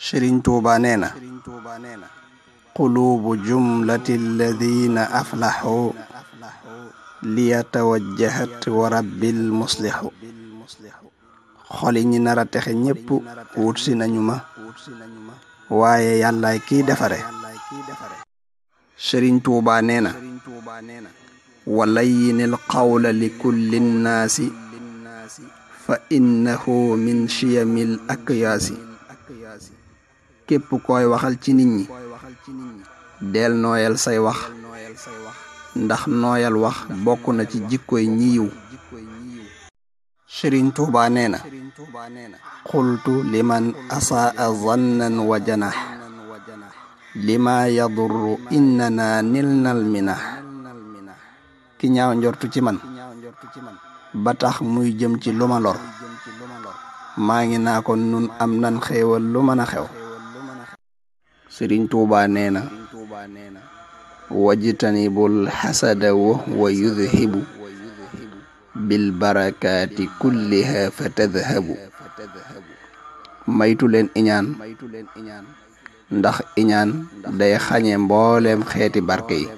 Sëriñ Tuuba nee na quluubu jumlati alladina aflaxu liyatawajjahat wa rabbil muslixu xoli ñi nar a texe ñépp wut si nañu ma waaye yàllaay kiy defare Sëriñ Tuuba nee fa innahu min chiyami l akyaasi képp koy waxal ci nit ñi del nooyal say wax ndax nooyal wax bokk na ci jikkoy ñi yiw sëriñ tuuba nee na xultu liman asaa zannan wa janax lima yadurru innana nilnal minax ki ñaaw njortu ci man ba tax muy jëm ci lu ma lor maa ngi naa ko nun am nan xéewal lu mën a xew sëriñ tuubaa nee na wajtanibul xasada wa huwa yudhibu bil barakaati kulliha fa tadhabu maytu leen iñaan ndax iñaan day xañe mbooleem xeeti barke yi